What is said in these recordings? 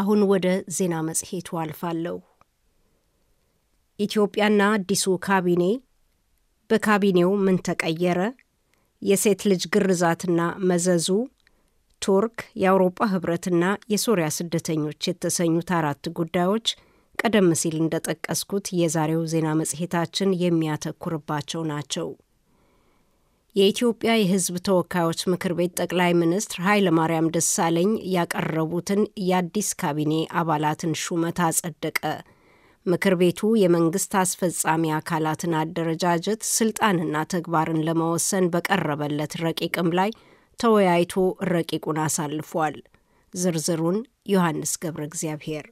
አሁን ወደ ዜና መጽሔቱ አልፋለሁ። ኢትዮጵያና አዲሱ ካቢኔ፣ በካቢኔው ምን ተቀየረ? የሴት ልጅ ግርዛትና መዘዙ፣ ቱርክ፣ የአውሮጳ ህብረትና የሶሪያ ስደተኞች የተሰኙት አራት ጉዳዮች ቀደም ሲል እንደጠቀስኩት የዛሬው ዜና መጽሔታችን የሚያተኩርባቸው ናቸው። የኢትዮጵያ የሕዝብ ተወካዮች ምክር ቤት ጠቅላይ ሚኒስትር ኃይለማርያም ደሳለኝ ያቀረቡትን የአዲስ ካቢኔ አባላትን ሹመት አጸደቀ። ምክር ቤቱ የመንግስት አስፈጻሚ አካላትን አደረጃጀት ስልጣንና ተግባርን ለመወሰን በቀረበለት ረቂቅም ላይ ተወያይቶ ረቂቁን አሳልፏል። ዝርዝሩን ዮሐንስ ገብረ እግዚአብሔር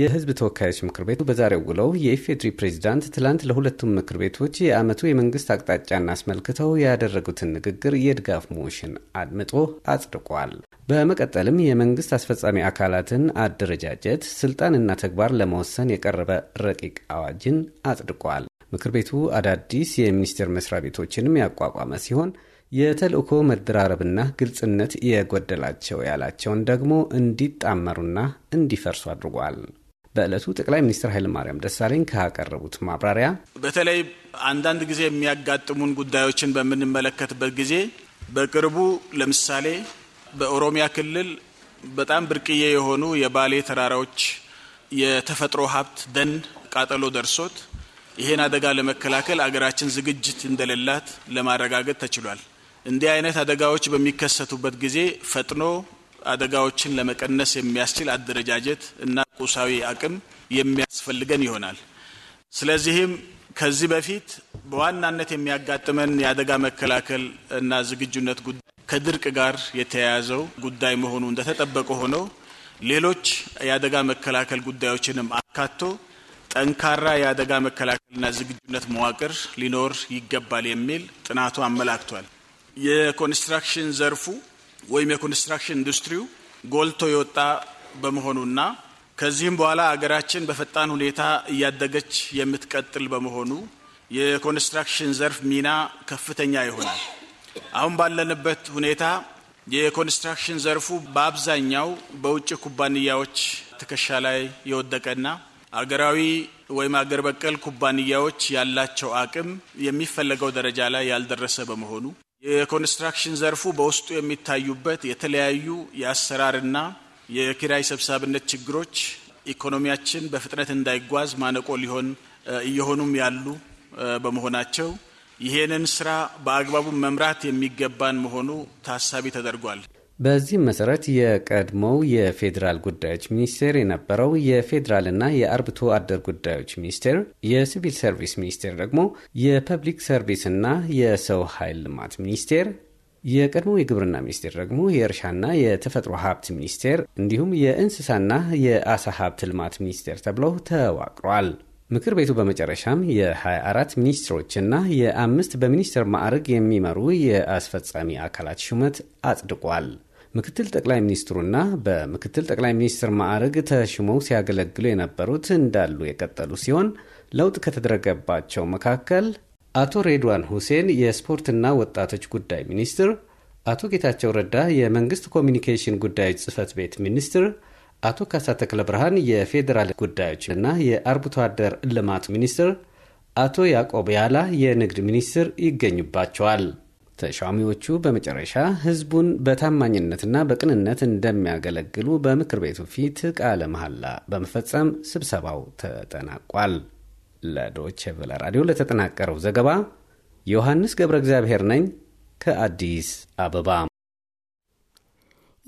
የህዝብ ተወካዮች ምክር ቤቱ በዛሬው ውለው የኢፌድሪ ፕሬዚዳንት ትላንት ለሁለቱም ምክር ቤቶች የዓመቱ የመንግስት አቅጣጫን አስመልክተው ያደረጉትን ንግግር የድጋፍ ሞሽን አድምጦ አጽድቋል። በመቀጠልም የመንግስት አስፈጻሚ አካላትን አደረጃጀት፣ ስልጣንና ተግባር ለመወሰን የቀረበ ረቂቅ አዋጅን አጽድቋል። ምክር ቤቱ አዳዲስ የሚኒስቴር መስሪያ ቤቶችንም ያቋቋመ ሲሆን የተልእኮ መደራረብና ግልጽነት የጎደላቸው ያላቸውን ደግሞ እንዲጣመሩና እንዲፈርሱ አድርጓል። በዕለቱ ጠቅላይ ሚኒስትር ኃይለማርያም ደሳለኝ ካቀረቡት ማብራሪያ በተለይ አንዳንድ ጊዜ የሚያጋጥሙን ጉዳዮችን በምንመለከትበት ጊዜ በቅርቡ ለምሳሌ በኦሮሚያ ክልል በጣም ብርቅዬ የሆኑ የባሌ ተራራዎች የተፈጥሮ ሀብት ደን ቃጠሎ ደርሶት ይሄን አደጋ ለመከላከል አገራችን ዝግጅት እንደሌላት ለማረጋገጥ ተችሏል። እንዲህ አይነት አደጋዎች በሚከሰቱበት ጊዜ ፈጥኖ አደጋዎችን ለመቀነስ የሚያስችል አደረጃጀት እና ቁሳዊ አቅም የሚያስፈልገን ይሆናል። ስለዚህም ከዚህ በፊት በዋናነት የሚያጋጥመን የአደጋ መከላከል እና ዝግጁነት ጉዳይ ከድርቅ ጋር የተያያዘው ጉዳይ መሆኑ እንደተጠበቀ ሆኖ ሌሎች የአደጋ መከላከል ጉዳዮችንም አካቶ ጠንካራ የአደጋ መከላከልና ዝግጁነት መዋቅር ሊኖር ይገባል የሚል ጥናቱ አመላክቷል። የኮንስትራክሽን ዘርፉ ወይም የኮንስትራክሽን ኢንዱስትሪው ጎልቶ የወጣ በመሆኑና ከዚህም በኋላ አገራችን በፈጣን ሁኔታ እያደገች የምትቀጥል በመሆኑ የኮንስትራክሽን ዘርፍ ሚና ከፍተኛ ይሆናል። አሁን ባለንበት ሁኔታ የኮንስትራክሽን ዘርፉ በአብዛኛው በውጭ ኩባንያዎች ትከሻ ላይ የወደቀና አገራዊ ወይም አገር በቀል ኩባንያዎች ያላቸው አቅም የሚፈለገው ደረጃ ላይ ያልደረሰ በመሆኑ የኮንስትራክሽን ዘርፉ በውስጡ የሚታዩበት የተለያዩ የአሰራርና የኪራይ ሰብሳቢነት ችግሮች ኢኮኖሚያችን በፍጥነት እንዳይጓዝ ማነቆ ሊሆን እየሆኑም ያሉ በመሆናቸው ይሄንን ስራ በአግባቡ መምራት የሚገባን መሆኑ ታሳቢ ተደርጓል። በዚህም መሰረት የቀድሞው የፌዴራል ጉዳዮች ሚኒስቴር የነበረው የፌዴራልና የአርብቶ አደር ጉዳዮች ሚኒስቴር፣ የሲቪል ሰርቪስ ሚኒስቴር ደግሞ የፐብሊክ ሰርቪስና የሰው ኃይል ልማት ሚኒስቴር የቀድሞ የግብርና ሚኒስቴር ደግሞ የእርሻና የተፈጥሮ ሀብት ሚኒስቴር እንዲሁም የእንስሳና የአሳ ሀብት ልማት ሚኒስቴር ተብለው ተዋቅሯል። ምክር ቤቱ በመጨረሻም የ24 ሚኒስትሮችና የአምስት በሚኒስትር ማዕረግ የሚመሩ የአስፈጻሚ አካላት ሹመት አጽድቋል። ምክትል ጠቅላይ ሚኒስትሩና በምክትል ጠቅላይ ሚኒስትር ማዕረግ ተሹመው ሲያገለግሉ የነበሩት እንዳሉ የቀጠሉ ሲሆን ለውጥ ከተደረገባቸው መካከል አቶ ሬድዋን ሁሴን የስፖርትና ወጣቶች ጉዳይ ሚኒስትር፣ አቶ ጌታቸው ረዳ የመንግስት ኮሚኒኬሽን ጉዳዮች ጽህፈት ቤት ሚኒስትር፣ አቶ ካሳ ተክለ ብርሃን የፌዴራል እና የአርብቶ አደር ልማት ሚኒስትር፣ አቶ ያዕቆብ ያላ የንግድ ሚኒስትር ይገኙባቸዋል። ተሿሚዎቹ በመጨረሻ ህዝቡን በታማኝነትና በቅንነት እንደሚያገለግሉ በምክር ቤቱ ፊት ቃለ መሐላ በመፈጸም ስብሰባው ተጠናቋል። ለዶች ቨለ ራዲዮ ለተጠናቀረው ዘገባ ዮሐንስ ገብረ እግዚአብሔር ነኝ ከአዲስ አበባ።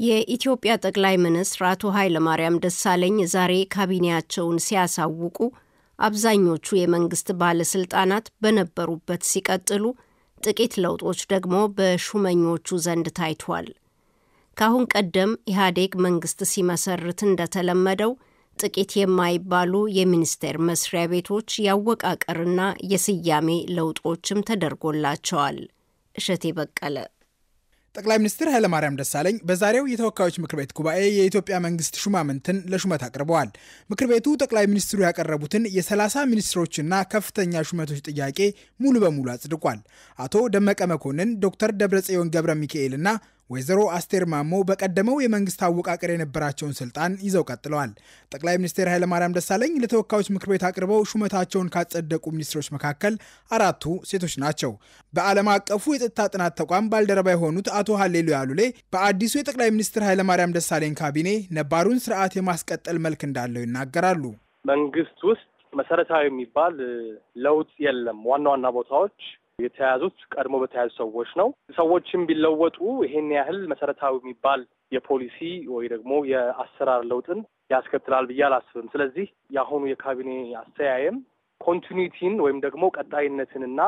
የኢትዮጵያ ጠቅላይ ሚኒስትር አቶ ኃይለማርያም ደሳለኝ ዛሬ ካቢኔያቸውን ሲያሳውቁ አብዛኞቹ የመንግስት ባለስልጣናት በነበሩበት ሲቀጥሉ፣ ጥቂት ለውጦች ደግሞ በሹመኞቹ ዘንድ ታይቷል። ከአሁን ቀደም ኢህአዴግ መንግስት ሲመሰርት እንደተለመደው ጥቂት የማይባሉ የሚኒስቴር መስሪያ ቤቶች ያወቃቀርና የስያሜ ለውጦችም ተደርጎላቸዋል። እሸቴ በቀለ ጠቅላይ ሚኒስትር ኃይለማርያም ደሳለኝ በዛሬው የተወካዮች ምክር ቤት ጉባኤ የኢትዮጵያ መንግስት ሹማምንትን ለሹመት አቅርበዋል። ምክር ቤቱ ጠቅላይ ሚኒስትሩ ያቀረቡትን የ30 ሚኒስትሮችና ከፍተኛ ሹመቶች ጥያቄ ሙሉ በሙሉ አጽድቋል። አቶ ደመቀ መኮንን፣ ዶክተር ደብረጽዮን ገብረ ሚካኤልና ወይዘሮ አስቴር ማሞ በቀደመው የመንግስት አወቃቀር የነበራቸውን ስልጣን ይዘው ቀጥለዋል። ጠቅላይ ሚኒስትር ኃይለማርያም ደሳለኝ ለተወካዮች ምክር ቤት አቅርበው ሹመታቸውን ካጸደቁ ሚኒስትሮች መካከል አራቱ ሴቶች ናቸው። በዓለም አቀፉ የጸጥታ ጥናት ተቋም ባልደረባ የሆኑት አቶ ሀሌሉ ያሉሌ በአዲሱ የጠቅላይ ሚኒስትር ኃይለማርያም ደሳለኝ ካቢኔ ነባሩን ስርዓት የማስቀጠል መልክ እንዳለው ይናገራሉ። መንግስት ውስጥ መሰረታዊ የሚባል ለውጥ የለም። ዋና ዋና ቦታዎች የተያዙት ቀድሞ በተያዙ ሰዎች ነው። ሰዎችም ቢለወጡ ይሄን ያህል መሰረታዊ የሚባል የፖሊሲ ወይ ደግሞ የአሰራር ለውጥን ያስከትላል ብዬ አላስብም። ስለዚህ የአሁኑ የካቢኔ አስተያየም ኮንቲኒቲን ወይም ደግሞ ቀጣይነትንና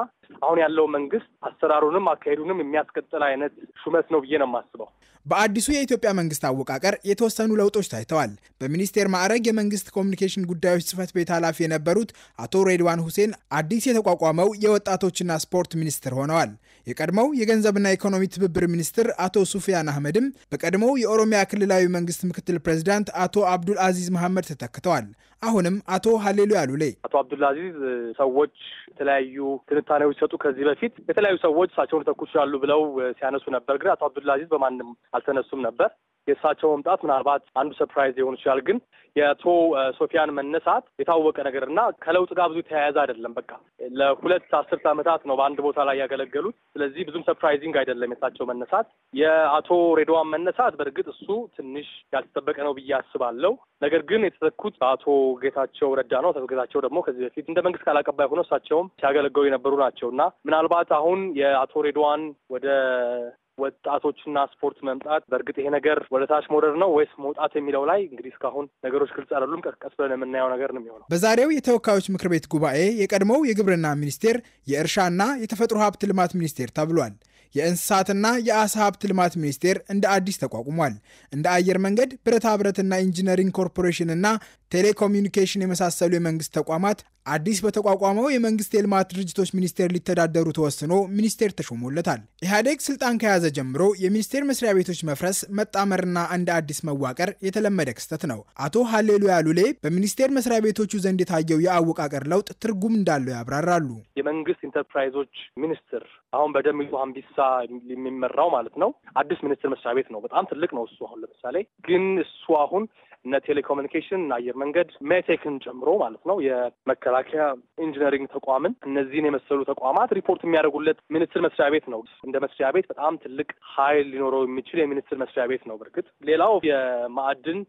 አሁን ያለው መንግስት አሰራሩንም አካሄዱንም የሚያስቀጥል አይነት ሹመት ነው ብዬ ነው የማስበው። በአዲሱ የኢትዮጵያ መንግስት አወቃቀር የተወሰኑ ለውጦች ታይተዋል። በሚኒስቴር ማዕረግ የመንግስት ኮሚኒኬሽን ጉዳዮች ጽህፈት ቤት ኃላፊ የነበሩት አቶ ሬድዋን ሁሴን አዲስ የተቋቋመው የወጣቶችና ስፖርት ሚኒስትር ሆነዋል። የቀድሞው የገንዘብና ኢኮኖሚ ትብብር ሚኒስትር አቶ ሱፊያን አህመድም በቀድሞው የኦሮሚያ ክልላዊ መንግስት ምክትል ፕሬዚዳንት አቶ አብዱል አዚዝ መሐመድ ተተክተዋል። አሁንም አቶ ሀሌሉ ላይ አቶ አብዱልአዚዝ ሰዎች የተለያዩ ትንታኔዎች ሲሰጡ ከዚህ በፊት የተለያዩ ሰዎች እሳቸውን ተኩሱ ያሉ ብለው ሲያነሱ ነበር። ግን አቶ አብዱልአዚዝ በማንም አልተነሱም ነበር። የእሳቸው መምጣት ምናልባት አንዱ ሰርፕራይዝ ሊሆን ይችላል። ግን የአቶ ሶፊያን መነሳት የታወቀ ነገር እና ከለውጥ ጋር ብዙ የተያያዘ አይደለም። በቃ ለሁለት አስርት ዓመታት ነው በአንድ ቦታ ላይ ያገለገሉት። ስለዚህ ብዙም ሰርፕራይዚንግ አይደለም የእሳቸው መነሳት። የአቶ ሬድዋን መነሳት በእርግጥ እሱ ትንሽ ያልተጠበቀ ነው ብዬ አስባለሁ። ነገር ግን የተተኩት በአቶ ጌታቸው ረዳ ነው። አቶ ጌታቸው ደግሞ ከዚህ በፊት እንደ መንግስት ቃል አቀባይ ሆነው እሳቸውም ሲያገለግሉ የነበሩ ናቸው እና ምናልባት አሁን የአቶ ሬድዋን ወደ ወጣቶችና ስፖርት መምጣት በእርግጥ ይሄ ነገር ወደ ታች መውረድ ነው ወይስ መውጣት የሚለው ላይ እንግዲህ እስካሁን ነገሮች ግልጽ አይደሉም። ቀስቀስ ብለን የምናየው ነገር ነው የሚሆነው። በዛሬው የተወካዮች ምክር ቤት ጉባኤ የቀድሞው የግብርና ሚኒስቴር የእርሻና የተፈጥሮ ሀብት ልማት ሚኒስቴር ተብሏል። የእንስሳትና የአሳ ሀብት ልማት ሚኒስቴር እንደ አዲስ ተቋቁሟል። እንደ አየር መንገድ፣ ብረታ ብረትና ኢንጂነሪንግ ኮርፖሬሽንና ቴሌኮሚኒኬሽን የመሳሰሉ የመንግስት ተቋማት አዲስ በተቋቋመው የመንግስት የልማት ድርጅቶች ሚኒስቴር ሊተዳደሩ ተወስኖ ሚኒስቴር ተሾሞለታል። ኢህአዴግ ስልጣን ከያዘ ጀምሮ የሚኒስቴር መስሪያ ቤቶች መፍረስ፣ መጣመርና እንደ አዲስ መዋቀር የተለመደ ክስተት ነው። አቶ ሀሌሉ ያሉሌ በሚኒስቴር መስሪያ ቤቶቹ ዘንድ የታየው የአወቃቀር ለውጥ ትርጉም እንዳለው ያብራራሉ። የመንግስት ኢንተርፕራይዞች ሚኒስትር አሁን በደሚሉ ሀምቢሳ የሚመራው ማለት ነው አዲስ ሚኒስቴር መስሪያ ቤት ነው። በጣም ትልቅ ነው እሱ አሁን ለምሳሌ ግን እሱ አሁን እነ ቴሌኮሙኒኬሽን፣ አየር መንገድ፣ ሜቴክን ጨምሮ ማለት ነው የመከላከያ ኢንጂነሪንግ ተቋምን እነዚህን የመሰሉ ተቋማት ሪፖርት የሚያደርጉለት ሚኒስትር መስሪያ ቤት ነው። እንደ መስሪያ ቤት በጣም ትልቅ ኃይል ሊኖረው የሚችል የሚኒስትር መስሪያ ቤት ነው። በእርግጥ ሌላው የማዕድን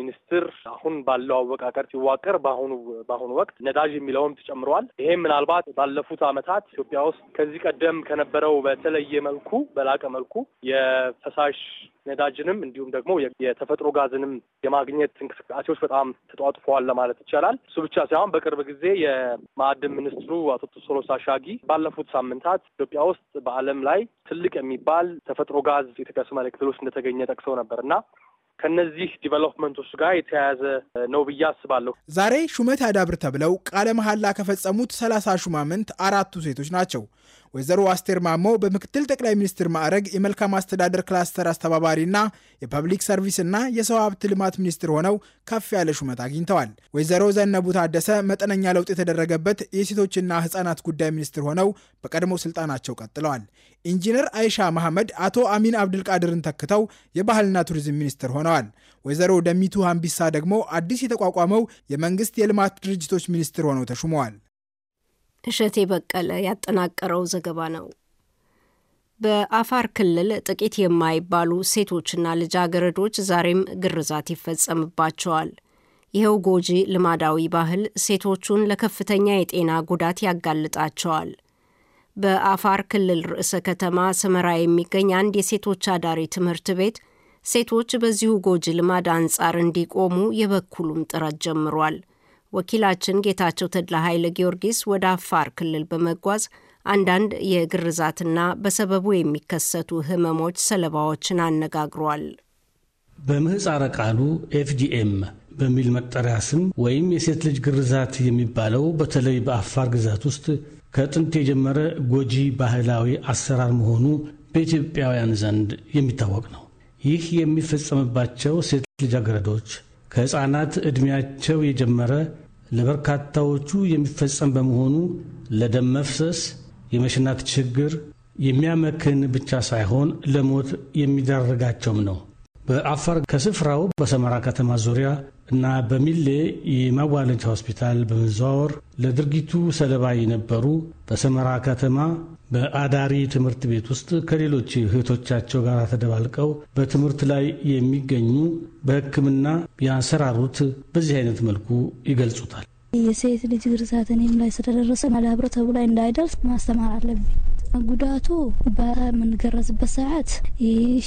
ሚኒስትር አሁን ባለው አወቃቀር ሲዋቀር በአሁኑ በአሁኑ ወቅት ነዳጅ የሚለውም ተጨምረዋል። ይሄም ምናልባት ባለፉት ዓመታት ኢትዮጵያ ውስጥ ከዚህ ቀደም ከነበረው በተለየ መልኩ በላቀ መልኩ የፈሳሽ ነዳጅንም እንዲሁም ደግሞ የተፈጥሮ ጋዝንም የማግኘት የማግኘት እንቅስቃሴዎች በጣም ተጧጥፈዋል ለማለት ይቻላል። እሱ ብቻ ሳይሆን በቅርብ ጊዜ የማዕድን ሚኒስትሩ አቶ ቶሎሳ አሻጊ ባለፉት ሳምንታት ኢትዮጵያ ውስጥ በዓለም ላይ ትልቅ የሚባል ተፈጥሮ ጋዝ የኢትዮጵያ ሶማሌ ውስጥ እንደተገኘ ጠቅሰው ነበር እና ከነዚህ ዲቨሎፕመንቶች ጋር የተያያዘ ነው ብዬ አስባለሁ። ዛሬ ሹመት ያዳብር ተብለው ቃለ መሐላ ከፈጸሙት ሰላሳ ሹማምንት አራቱ ሴቶች ናቸው። ወይዘሮ አስቴር ማሞ በምክትል ጠቅላይ ሚኒስትር ማዕረግ የመልካም አስተዳደር ክላስተር አስተባባሪና የፐብሊክ ሰርቪስ እና የሰው ሀብት ልማት ሚኒስትር ሆነው ከፍ ያለ ሹመት አግኝተዋል። ወይዘሮ ዘነቡ ታደሰ መጠነኛ ለውጥ የተደረገበት የሴቶችና ህጻናት ጉዳይ ሚኒስትር ሆነው በቀድሞ ስልጣናቸው ቀጥለዋል። ኢንጂነር አይሻ መሐመድ አቶ አሚን አብድልቃድርን ተክተው የባህልና ቱሪዝም ሚኒስትር ሆነዋል። ወይዘሮ ደሚቱ ሀምቢሳ ደግሞ አዲስ የተቋቋመው የመንግስት የልማት ድርጅቶች ሚኒስትር ሆነው ተሹመዋል። እሸቴ በቀለ ያጠናቀረው ዘገባ ነው። በአፋር ክልል ጥቂት የማይባሉ ሴቶችና ልጃገረዶች ዛሬም ግርዛት ይፈጸምባቸዋል። ይኸው ጎጂ ልማዳዊ ባህል ሴቶቹን ለከፍተኛ የጤና ጉዳት ያጋልጣቸዋል። በአፋር ክልል ርዕሰ ከተማ ሰመራ የሚገኝ አንድ የሴቶች አዳሪ ትምህርት ቤት ሴቶች በዚሁ ጎጂ ልማድ አንጻር እንዲቆሙ የበኩሉም ጥረት ጀምሯል። ወኪላችን ጌታቸው ተድላ ኃይለ ጊዮርጊስ ወደ አፋር ክልል በመጓዝ አንዳንድ የግርዛትና በሰበቡ የሚከሰቱ ህመሞች ሰለባዎችን አነጋግሯል። በምህፃረ ቃሉ ኤፍጂኤም በሚል መጠሪያ ስም ወይም የሴት ልጅ ግርዛት የሚባለው በተለይ በአፋር ግዛት ውስጥ ከጥንት የጀመረ ጎጂ ባህላዊ አሰራር መሆኑ በኢትዮጵያውያን ዘንድ የሚታወቅ ነው። ይህ የሚፈጸምባቸው ሴት ልጃገረዶች ከሕፃናት ዕድሜያቸው የጀመረ ለበርካታዎቹ የሚፈጸም በመሆኑ ለደም መፍሰስ፣ የመሽናት ችግር የሚያመክን ብቻ ሳይሆን ለሞት የሚዳርጋቸውም ነው። በአፋር ከስፍራው በሰመራ ከተማ ዙሪያ እና በሚሌ የማዋለጃ ሆስፒታል በመዘዋወር ለድርጊቱ ሰለባ የነበሩ በሰመራ ከተማ በአዳሪ ትምህርት ቤት ውስጥ ከሌሎች እህቶቻቸው ጋር ተደባልቀው በትምህርት ላይ የሚገኙ በሕክምና ያንሰራሩት በዚህ አይነት መልኩ ይገልጹታል። የሴት ልጅ ግርዛት እኔም ላይ ስለደረሰ ማህበረሰቡ ላይ እንዳይደርስ ማስተማር አለብኝ። ጉዳቱ በምንገረዝበት ሰዓት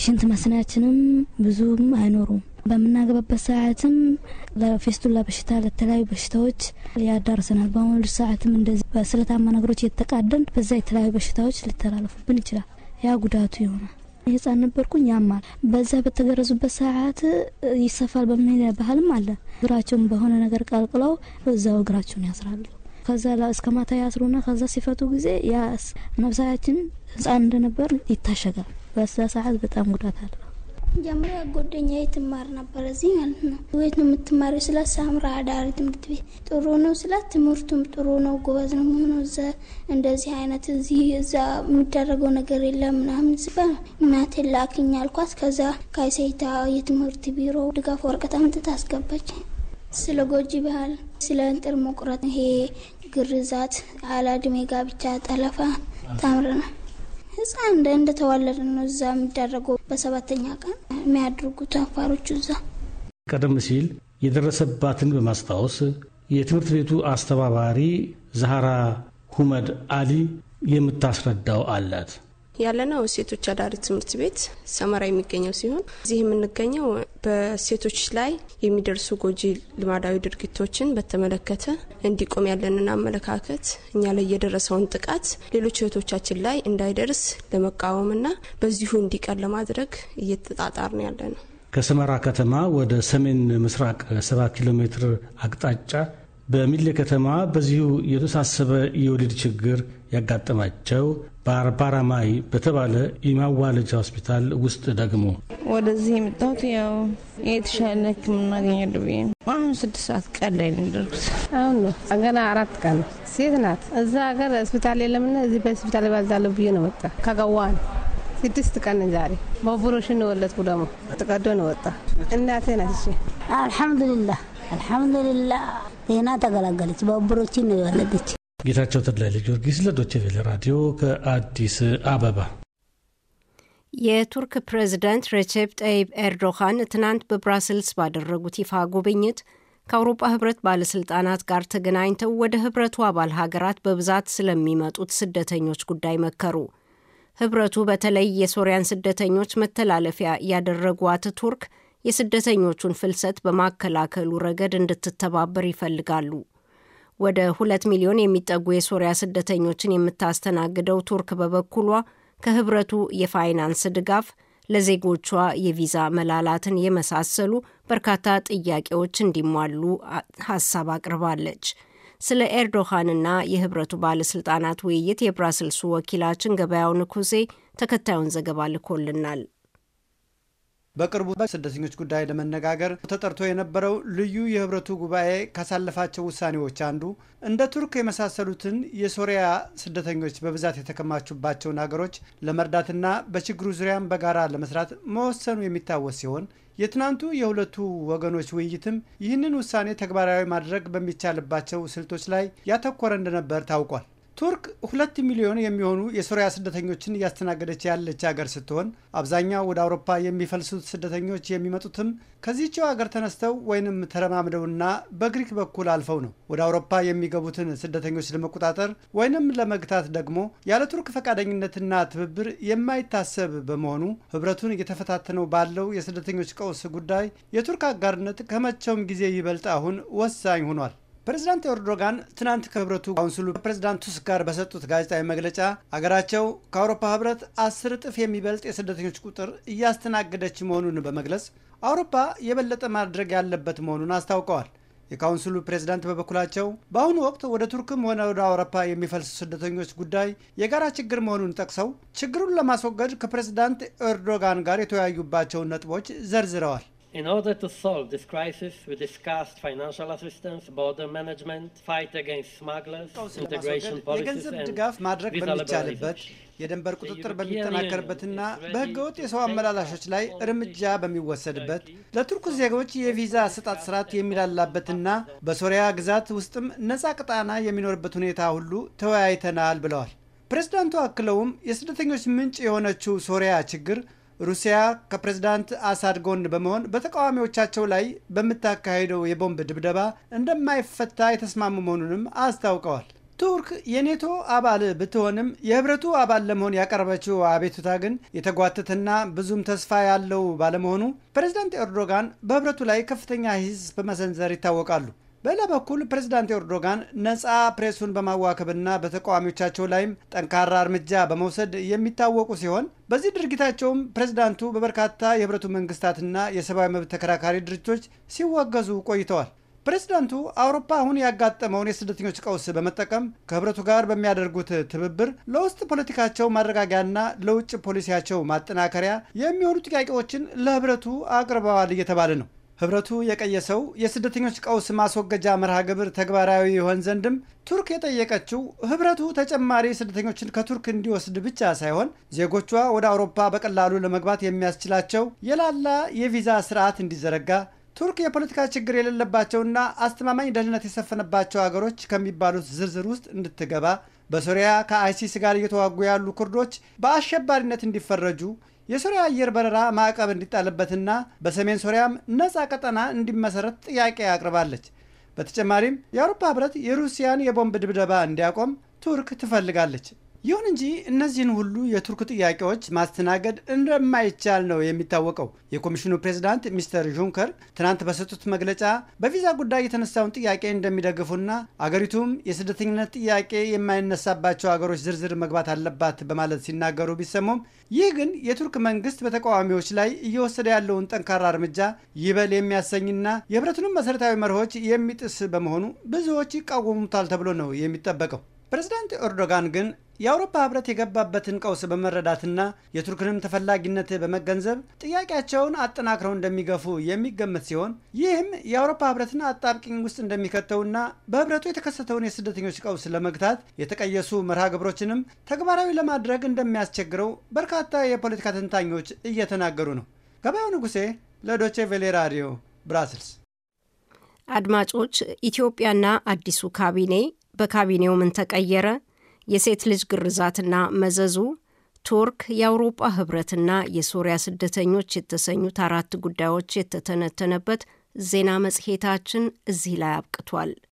ሽንት መስናችንም ብዙም አይኖሩም። በምናገባበት ሰዓትም ለፌስቱላ በሽታ ለተለያዩ በሽታዎች ያዳርሰናል። በመውለድ ሰዓትም እንደዚህ በስለታማ ነገሮች እየተቃደን በዛ የተለያዩ በሽታዎች ሊተላለፉብን ይችላል። ያ ጉዳቱ ይሆናል። ህፃን ነበርኩኝ ያማል። በዛ በተገረዙበት ሰዓት ይሰፋል በሚል ባህልም አለ። እግራቸውን በሆነ ነገር ቀልቅለው እዛው እግራቸውን ያስራሉ። ከዛ እስከ ማታ ያስሩና ከዛ ሲፈቱ ጊዜ ነብሳያችን ህፃን እንደነበር ይታሸጋል። በዛ ሰዓት በጣም ጉዳት አለ። መጀመሪያ ጓደኛዬ ትማር ነበር እዚህ ማለት ነው። ወይት ነው የምትማሪው ስለ ሳምራ አዳሪ ትምህርት ቤት ጥሩ ነው ስለ ትምህርቱም ጥሩ ነው ጎበዝ ነው ሆኖ እዛ እንደዚህ አይነት እዚህ እዛ የሚደረገው ነገር የለም ምናምን ስባል እናቴን ላክኝ አልኳት። ከዛ ከሴታ የትምህርት ቢሮ ድጋፍ ወረቀት አምጥት አስገባች። ስለ ጎጂ ባህል፣ ስለ እንጥር መቁረጥ፣ ይሄ ግርዛት፣ አላድሜ ጋብቻ፣ ጠለፋ ታምረ ታምረናል። ህፃን እንደተዋለደ ነው እዛ የሚደረገው በሰባተኛ ቀን የሚያደርጉት አንኳሮች እዛ ቀደም ሲል የደረሰባትን በማስታወስ የትምህርት ቤቱ አስተባባሪ ዛህራ ሁመድ አሊ የምታስረዳው አላት። ያለነው ሴቶች አዳሪ ትምህርት ቤት ሰመራ የሚገኘው ሲሆን እዚህ የምንገኘው በሴቶች ላይ የሚደርሱ ጎጂ ልማዳዊ ድርጊቶችን በተመለከተ እንዲቆም ያለንን አመለካከት፣ እኛ ላይ የደረሰውን ጥቃት ሌሎች እህቶቻችን ላይ እንዳይደርስ ለመቃወምና በዚሁ እንዲቀር ለማድረግ እየተጣጣር ነው ያለ ነው። ከሰመራ ከተማ ወደ ሰሜን ምስራቅ 7 ኪሎ ሜትር አቅጣጫ በሚሌ ከተማ በዚሁ የተሳሰበ የወሊድ ችግር ያጋጠማቸው በአርባራማይ በተባለ የማዋለጃ ሆስፒታል ውስጥ ደግሞ ወደዚህ የመጣሁት ያው የተሻለ ሕክምና አገኛለሁ ብዬ አሁን ስድስት ሰዓት ቀን ላይ ነው አሁን ነው ገና አራት ቀን ሴት ናት። እዛ ሀገር ሆስፒታል የለምና እዚህ በሆስፒታል ባዛለሁ ብዬ ነው መጣ ከገዋ ነው ስድስት ቀን ዛሬ በኦፕሬሽን ነው ወለድኩ። ደግሞ ተቀዶ ነው ወጣ። እናቴ ናት እሺ። አልሐምዱሊላህ አልሐምዱሊላህ ዜና ተገላገለች። በኦፕሬሽን ነው የወለደች። ጌታቸው ተድላይ ለጊዮርጊስ ለዶቼ ቬለ ራዲዮ ከአዲስ አበባ። የቱርክ ፕሬዝዳንት ሬቼፕ ጠይብ ኤርዶሃን ትናንት በብራስልስ ባደረጉት ይፋ ጉብኝት ከአውሮፓ ህብረት ባለስልጣናት ጋር ተገናኝተው ወደ ህብረቱ አባል ሀገራት በብዛት ስለሚመጡት ስደተኞች ጉዳይ መከሩ። ህብረቱ በተለይ የሶሪያን ስደተኞች መተላለፊያ ያደረጓት ቱርክ የስደተኞቹን ፍልሰት በማከላከሉ ረገድ እንድትተባበር ይፈልጋሉ። ወደ ሁለት ሚሊዮን የሚጠጉ የሶሪያ ስደተኞችን የምታስተናግደው ቱርክ በበኩሏ ከህብረቱ የፋይናንስ ድጋፍ ለዜጎቿ የቪዛ መላላትን የመሳሰሉ በርካታ ጥያቄዎች እንዲሟሉ ሀሳብ አቅርባለች። ስለ ኤርዶሃንና የህብረቱ ባለስልጣናት ውይይት የብራስልሱ ወኪላችን ገበያው ንኩሴ ተከታዩን ዘገባ ልኮልናል። በቅርቡ ስደተኞች ጉዳይ ለመነጋገር ተጠርቶ የነበረው ልዩ የህብረቱ ጉባኤ ካሳለፋቸው ውሳኔዎች አንዱ እንደ ቱርክ የመሳሰሉትን የሶሪያ ስደተኞች በብዛት የተከማቹባቸውን ሀገሮች ለመርዳትና በችግሩ ዙሪያም በጋራ ለመስራት መወሰኑ የሚታወስ ሲሆን የትናንቱ የሁለቱ ወገኖች ውይይትም ይህንን ውሳኔ ተግባራዊ ማድረግ በሚቻልባቸው ስልቶች ላይ ያተኮረ እንደነበር ታውቋል። ቱርክ ሁለት ሚሊዮን የሚሆኑ የሶሪያ ስደተኞችን እያስተናገደች ያለች ሀገር ስትሆን አብዛኛው ወደ አውሮፓ የሚፈልሱት ስደተኞች የሚመጡትም ከዚችው ሀገር ተነስተው ወይንም ተረማምደውና በግሪክ በኩል አልፈው ነው። ወደ አውሮፓ የሚገቡትን ስደተኞች ለመቆጣጠር ወይንም ለመግታት ደግሞ ያለ ቱርክ ፈቃደኝነትና ትብብር የማይታሰብ በመሆኑ ህብረቱን እየተፈታተነው ባለው የስደተኞች ቀውስ ጉዳይ የቱርክ አጋርነት ከመቼውም ጊዜ ይበልጥ አሁን ወሳኝ ሆኗል። ፕሬዚዳንት ኤርዶጋን ትናንት ከህብረቱ ካውንስሉ ፕሬዚዳንት ቱስክ ጋር በሰጡት ጋዜጣዊ መግለጫ አገራቸው ከአውሮፓ ህብረት አስር እጥፍ የሚበልጥ የስደተኞች ቁጥር እያስተናገደች መሆኑን በመግለጽ አውሮፓ የበለጠ ማድረግ ያለበት መሆኑን አስታውቀዋል። የካውንስሉ ፕሬዝዳንት በበኩላቸው በአሁኑ ወቅት ወደ ቱርክም ሆነ ወደ አውሮፓ የሚፈልሱ ስደተኞች ጉዳይ የጋራ ችግር መሆኑን ጠቅሰው ችግሩን ለማስወገድ ከፕሬዝዳንት ኤርዶጋን ጋር የተወያዩባቸውን ነጥቦች ዘርዝረዋል። In order to solve this crisis, we discussed financial assistance, border management, fight against smugglers, integration policies, የገንዘብ የድንበር ቁጥጥር በሚጠናከርበትና በህገወጥ የሰው አመላላሾች ላይ እርምጃ በሚወሰድበት ለቱርክ ዜጎች የቪዛ አሰጣጥ ስርዓት የሚላላበትና በሶሪያ ግዛት ውስጥም ነፃ ቅጣና የሚኖርበት ሁኔታ ሁሉ ተወያይተናል ብለዋል። ፕሬዝዳንቱ አክለውም የስደተኞች ምንጭ የሆነችው ሶሪያ ችግር ሩሲያ ከፕሬዝዳንት አሳድ ጎን በመሆን በተቃዋሚዎቻቸው ላይ በምታካሄደው የቦምብ ድብደባ እንደማይፈታ የተስማሙ መሆኑንም አስታውቀዋል። ቱርክ የኔቶ አባል ብትሆንም የህብረቱ አባል ለመሆን ያቀረበችው አቤቱታ ግን የተጓተትና ብዙም ተስፋ ያለው ባለመሆኑ ፕሬዝዳንት ኤርዶጋን በህብረቱ ላይ ከፍተኛ ሂስ በመሰንዘር ይታወቃሉ። በሌላ በኩል ፕሬዚዳንት ኤርዶጋን ነፃ ፕሬሱን በማዋከብና በተቃዋሚዎቻቸው ላይም ጠንካራ እርምጃ በመውሰድ የሚታወቁ ሲሆን በዚህ ድርጊታቸውም ፕሬዚዳንቱ በበርካታ የህብረቱ መንግስታትና የሰብአዊ መብት ተከራካሪ ድርጅቶች ሲወገዙ ቆይተዋል። ፕሬዚዳንቱ አውሮፓ አሁን ያጋጠመውን የስደተኞች ቀውስ በመጠቀም ከህብረቱ ጋር በሚያደርጉት ትብብር ለውስጥ ፖለቲካቸው ማረጋጊያና ለውጭ ፖሊሲያቸው ማጠናከሪያ የሚሆኑ ጥያቄዎችን ለህብረቱ አቅርበዋል እየተባለ ነው። ህብረቱ የቀየሰው የስደተኞች ቀውስ ማስወገጃ መርሃ ግብር ተግባራዊ ይሆን ዘንድም ቱርክ የጠየቀችው ህብረቱ ተጨማሪ ስደተኞችን ከቱርክ እንዲወስድ ብቻ ሳይሆን ዜጎቿ ወደ አውሮፓ በቀላሉ ለመግባት የሚያስችላቸው የላላ የቪዛ ስርዓት እንዲዘረጋ ቱርክ የፖለቲካ ችግር የሌለባቸውና አስተማማኝ ደህንነት የሰፈነባቸው አገሮች ከሚባሉት ዝርዝር ውስጥ እንድትገባ፣ በሶሪያ ከአይሲስ ጋር እየተዋጉ ያሉ ኩርዶች በአሸባሪነት እንዲፈረጁ የሶሪያ አየር በረራ ማዕቀብ እንዲጣልበትና በሰሜን ሶሪያም ነፃ ቀጠና እንዲመሰረት ጥያቄ አቅርባለች። በተጨማሪም የአውሮፓ ህብረት የሩሲያን የቦምብ ድብደባ እንዲያቆም ቱርክ ትፈልጋለች። ይሁን እንጂ እነዚህን ሁሉ የቱርክ ጥያቄዎች ማስተናገድ እንደማይቻል ነው የሚታወቀው። የኮሚሽኑ ፕሬዚዳንት ሚስተር ጁንከር ትናንት በሰጡት መግለጫ በቪዛ ጉዳይ የተነሳውን ጥያቄ እንደሚደግፉና አገሪቱም የስደተኝነት ጥያቄ የማይነሳባቸው አገሮች ዝርዝር መግባት አለባት በማለት ሲናገሩ ቢሰሙም ይህ ግን የቱርክ መንግስት በተቃዋሚዎች ላይ እየወሰደ ያለውን ጠንካራ እርምጃ ይበል የሚያሰኝና የህብረቱንም መሰረታዊ መርሆች የሚጥስ በመሆኑ ብዙዎች ይቃወሙታል ተብሎ ነው የሚጠበቀው። ፕሬዚዳንት ኤርዶጋን ግን የአውሮፓ ህብረት የገባበትን ቀውስ በመረዳትና የቱርክንም ተፈላጊነት በመገንዘብ ጥያቄያቸውን አጠናክረው እንደሚገፉ የሚገመት ሲሆን ይህም የአውሮፓ ህብረትን አጣብቂኝ ውስጥ እንደሚከተውና በህብረቱ የተከሰተውን የስደተኞች ቀውስ ለመግታት የተቀየሱ መርሃ ግብሮችንም ተግባራዊ ለማድረግ እንደሚያስቸግረው በርካታ የፖለቲካ ተንታኞች እየተናገሩ ነው። ገበያው ንጉሴ ለዶቼ ቬሌ ራዲዮ ብራስልስ። አድማጮች፣ ኢትዮጵያና አዲሱ ካቢኔ በካቢኔው ምን ተቀየረ? የሴት ልጅ ግርዛትና መዘዙ ቱርክ፣ የአውሮጳ ህብረትና የሶሪያ ስደተኞች የተሰኙት አራት ጉዳዮች የተተነተነበት ዜና መጽሔታችን እዚህ ላይ አብቅቷል።